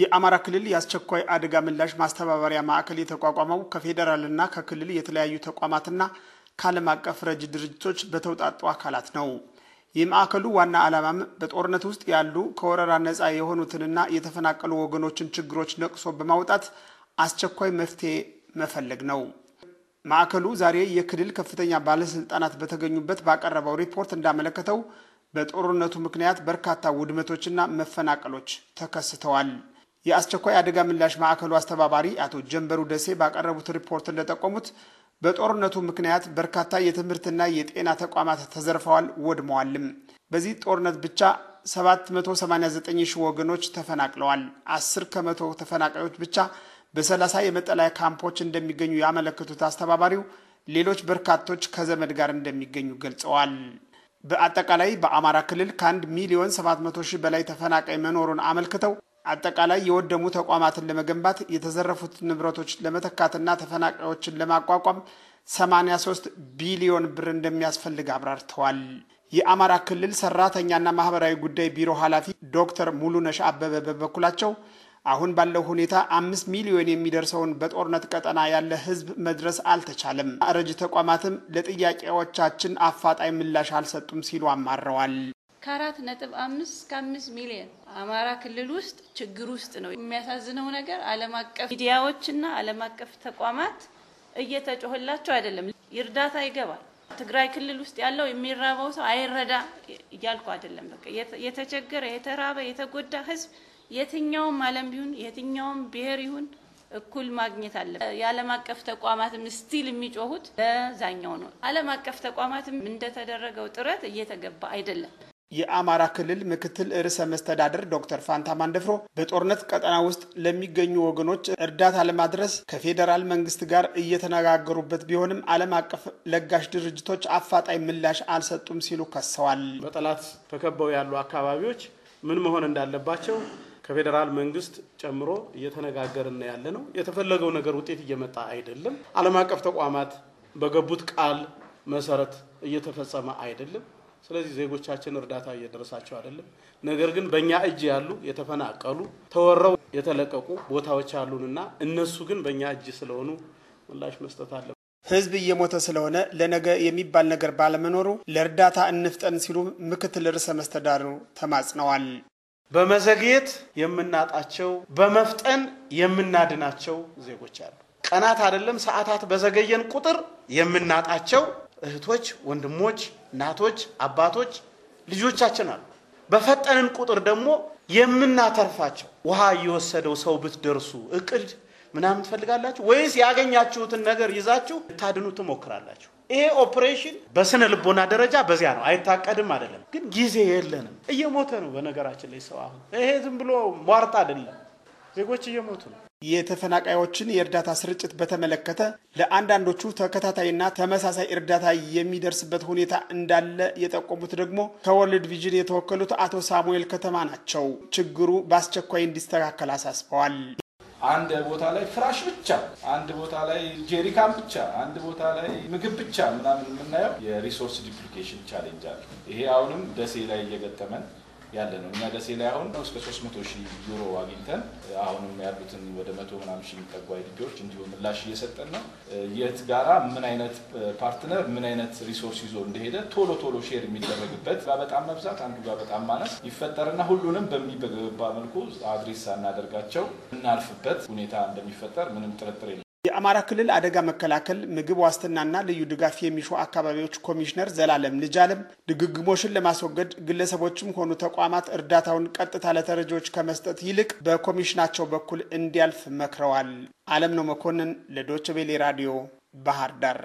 የአማራ ክልል የአስቸኳይ አደጋ ምላሽ ማስተባበሪያ ማዕከል የተቋቋመው ከፌዴራልና ከክልል የተለያዩ ተቋማትና ከዓለም አቀፍ ረጅ ድርጅቶች በተውጣጡ አካላት ነው። የማዕከሉ ዋና ዓላማም በጦርነት ውስጥ ያሉ ከወረራ ነፃ የሆኑትንና የተፈናቀሉ ወገኖችን ችግሮች ነቅሶ በማውጣት አስቸኳይ መፍትሄ መፈለግ ነው። ማዕከሉ ዛሬ የክልል ከፍተኛ ባለስልጣናት በተገኙበት ባቀረበው ሪፖርት እንዳመለከተው በጦርነቱ ምክንያት በርካታ ውድመቶችና መፈናቀሎች ተከስተዋል። የአስቸኳይ አደጋ ምላሽ ማዕከሉ አስተባባሪ አቶ ጀንበሩ ደሴ ባቀረቡት ሪፖርት እንደጠቆሙት በጦርነቱ ምክንያት በርካታ የትምህርትና የጤና ተቋማት ተዘርፈዋል፣ ወድመዋልም። በዚህ ጦርነት ብቻ 789 ሺህ ወገኖች ተፈናቅለዋል። 10 ከመቶ ተፈናቃዮች ብቻ በ30 የመጠለያ ካምፖች እንደሚገኙ ያመለከቱት አስተባባሪው ሌሎች በርካቶች ከዘመድ ጋር እንደሚገኙ ገልጸዋል። በአጠቃላይ በአማራ ክልል ከ1 ሚሊዮን 700 ሺህ በላይ ተፈናቃይ መኖሩን አመልክተው አጠቃላይ የወደሙ ተቋማትን ለመገንባት የተዘረፉት ንብረቶች ለመተካትና ተፈናቃዮችን ለማቋቋም 83 ቢሊዮን ብር እንደሚያስፈልግ አብራርተዋል። የአማራ ክልል ሰራተኛና ማህበራዊ ጉዳይ ቢሮ ኃላፊ ዶክተር ሙሉነሽ አበበ በበኩላቸው አሁን ባለው ሁኔታ አምስት ሚሊዮን የሚደርሰውን በጦርነት ቀጠና ያለ ሕዝብ መድረስ አልተቻለም። አረጅ ተቋማትም ለጥያቄዎቻችን አፋጣኝ ምላሽ አልሰጡም ሲሉ አማረዋል። ከአራት ነጥብ አምስት እስከ አምስት ሚሊዮን አማራ ክልል ውስጥ ችግር ውስጥ ነው። የሚያሳዝነው ነገር ዓለም አቀፍ ሚዲያዎችና ዓለም አቀፍ ተቋማት እየተጮህላቸው አይደለም። እርዳታ ይገባል። ትግራይ ክልል ውስጥ ያለው የሚራበው ሰው አይረዳ እያልኩ አይደለም። በቃ የተቸገረ የተራበ የተጎዳ ህዝብ የትኛውም ዓለም ቢሆን የትኛውም ብሔር ይሁን እኩል ማግኘት አለ። የዓለም አቀፍ ተቋማትም ስቲል የሚጮሁት ለዛኛው ነው። ዓለም አቀፍ ተቋማትም እንደተደረገው ጥረት እየተገባ አይደለም። የአማራ ክልል ምክትል ርዕሰ መስተዳደር ዶክተር ፋንታ ማንደፍሮ በጦርነት ቀጠና ውስጥ ለሚገኙ ወገኖች እርዳታ ለማድረስ ከፌዴራል መንግስት ጋር እየተነጋገሩበት ቢሆንም ዓለም አቀፍ ለጋሽ ድርጅቶች አፋጣኝ ምላሽ አልሰጡም ሲሉ ከሰዋል። በጠላት ተከበው ያሉ አካባቢዎች ምን መሆን እንዳለባቸው ከፌዴራል መንግስት ጨምሮ እየተነጋገርን ያለ ነው። የተፈለገው ነገር ውጤት እየመጣ አይደለም። ዓለም አቀፍ ተቋማት በገቡት ቃል መሰረት እየተፈጸመ አይደለም። ስለዚህ ዜጎቻችን እርዳታ እየደረሳቸው አይደለም። ነገር ግን በእኛ እጅ ያሉ የተፈናቀሉ ተወረው የተለቀቁ ቦታዎች አሉንና እነሱ ግን በእኛ እጅ ስለሆኑ ምላሽ መስጠት አለ። ህዝብ እየሞተ ስለሆነ ለነገ የሚባል ነገር ባለመኖሩ ለእርዳታ እንፍጠን ሲሉ ምክትል ርዕሰ መስተዳድሩ ተማጽነዋል። በመዘግየት የምናጣቸው በመፍጠን የምናድናቸው ዜጎች አሉ። ቀናት አይደለም ሰዓታት በዘገየን ቁጥር የምናጣቸው እህቶች፣ ወንድሞች፣ እናቶች፣ አባቶች፣ ልጆቻችን አሉ። በፈጠንን ቁጥር ደግሞ የምናተርፋቸው ውሃ እየወሰደው ሰው ብትደርሱ እቅድ ምናምን ትፈልጋላችሁ ወይስ ያገኛችሁትን ነገር ይዛችሁ ልታድኑ ትሞክራላችሁ? ይሄ ኦፕሬሽን በስነ ልቦና ደረጃ በዚያ ነው፣ አይታቀድም አይደለም። ግን ጊዜ የለንም። እየሞተ ነው በነገራችን ላይ ሰው አሁን። ይሄ ዝም ብሎ ሟርት አይደለም። ዜጎች እየሞቱ ነው። የተፈናቃዮችን የእርዳታ ስርጭት በተመለከተ ለአንዳንዶቹ ተከታታይና ተመሳሳይ እርዳታ የሚደርስበት ሁኔታ እንዳለ የጠቆሙት ደግሞ ከወርልድ ቪዥን የተወከሉት አቶ ሳሙኤል ከተማ ናቸው። ችግሩ በአስቸኳይ እንዲስተካከል አሳስበዋል። አንድ ቦታ ላይ ፍራሽ ብቻ፣ አንድ ቦታ ላይ ጄሪካን ብቻ፣ አንድ ቦታ ላይ ምግብ ብቻ ምናምን የምናየው የሪሶርስ ዲፕሊኬሽን ቻሌንጅ አለ። ይሄ አሁንም ደሴ ላይ እየገጠመን ያለ ነው። እኛ ደሴ ላይ አሁን እስከ 300 ሺህ ዩሮ አግኝተን አሁንም ያሉትን ወደ መቶ ምናምን ሺህ የሚጠጉ አይዲፒዎች እንዲሁ ምላሽ እየሰጠን ነው። የት ጋራ ምን አይነት ፓርትነር ምን አይነት ሪሶርስ ይዞ እንደሄደ ቶሎ ቶሎ ሼር የሚደረግበት ጋር በጣም መብዛት፣ አንዱ ጋር በጣም ማነስ ይፈጠርና ሁሉንም በሚገባ መልኩ አድሬስ ሳናደርጋቸው እናልፍበት ሁኔታ እንደሚፈጠር ምንም ጥርጥር የለም። የአማራ ክልል አደጋ መከላከል ምግብ ዋስትናና ልዩ ድጋፍ የሚሹ አካባቢዎች ኮሚሽነር ዘላለም ልጃለም ድግግሞሽን ለማስወገድ ግለሰቦችም ሆኑ ተቋማት እርዳታውን ቀጥታ ለተረጂዎች ከመስጠት ይልቅ በኮሚሽናቸው በኩል እንዲያልፍ መክረዋል። አለም ነው መኮንን ለዶችቤሌ ራዲዮ ባህር ዳር